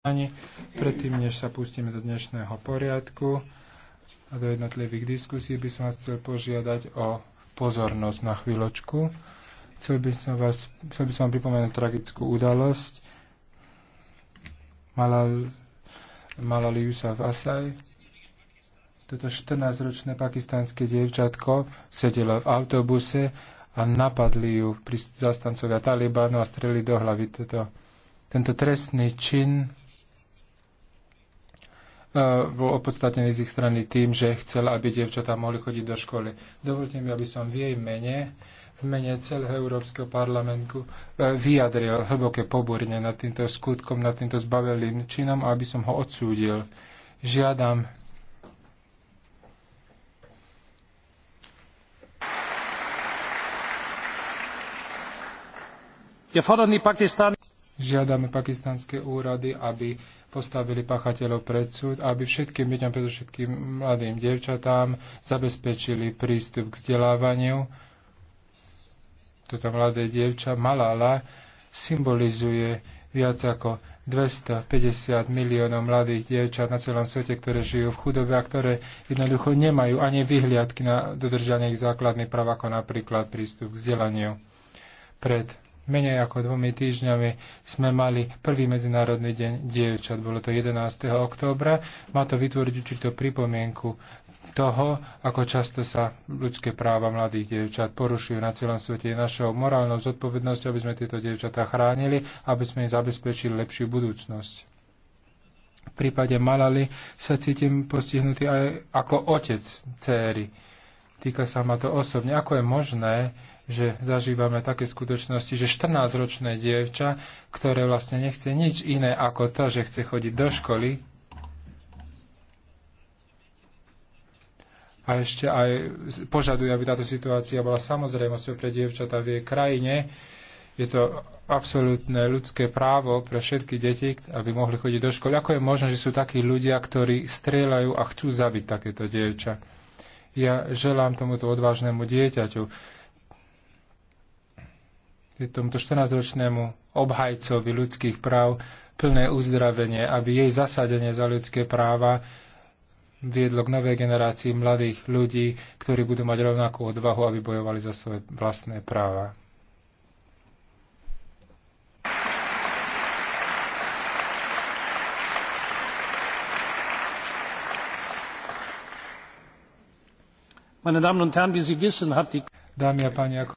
strane. Predtým, než sa pustíme do dnešného poriadku a do jednotlivých diskusí, by som vás chcel požiadať o pozornosť na chvíľočku. Chcel by som, vás, chcel by som vám pripomenúť tragickú udalosť. Malal, Malal Yusuf Asaj, toto 14-ročné pakistánske dievčatko sedelo v autobuse a napadli ju pri zastancovia Talibánu a streli do hlavy toto, tento trestný čin Eh, bol opodstatnený z ich strany tým, že chcela, aby dievčatá mohli chodiť do školy. Dovolte mi, aby som v jej mene, v mene celého Európskeho parlamentu eh, vyjadril hlboké poborne nad týmto skutkom, nad týmto zbavelým činom a aby som ho odsúdil. Žiadam Wir fordern die Pakistan Žiadame pakistanské úrady, aby postavili pachateľov pred súd, aby všetkým deťom, predovšetkým mladým dievčatám, zabezpečili prístup k vzdelávaniu. Toto mladé dievča Malala symbolizuje viac ako 250 miliónov mladých dievčat na celom svete, ktoré žijú v chudobe a ktoré jednoducho nemajú ani vyhliadky na dodržanie ich základných práv, ako napríklad prístup k vzdelaniu. Pred menej ako dvomi týždňami sme mali prvý medzinárodný deň dievčat. Bolo to 11. októbra. Má to vytvoriť určitú pripomienku toho, ako často sa ľudské práva mladých dievčat porušujú na celom svete. Je našou morálnou zodpovednosťou, aby sme tieto dievčatá chránili, aby sme im zabezpečili lepšiu budúcnosť. V prípade Malali sa cítim postihnutý aj ako otec céry. Týka sa ma to osobne. Ako je možné, že zažívame také skutočnosti, že 14-ročné dievča, ktoré vlastne nechce nič iné ako to, že chce chodiť do školy, a ešte aj požaduje, aby táto situácia bola samozrejmosťou pre dievčatá v jej krajine. Je to absolútne ľudské právo pre všetky deti, aby mohli chodiť do školy. Ako je možné, že sú takí ľudia, ktorí strieľajú a chcú zabiť takéto dievča? Ja želám tomuto odvážnemu dieťaťu, tomuto 14-ročnému obhajcovi ľudských práv plné uzdravenie, aby jej zasadenie za ľudské práva viedlo k novej generácii mladých ľudí, ktorí budú mať rovnakú odvahu, aby bojovali za svoje vlastné práva. Dámy a páni, ako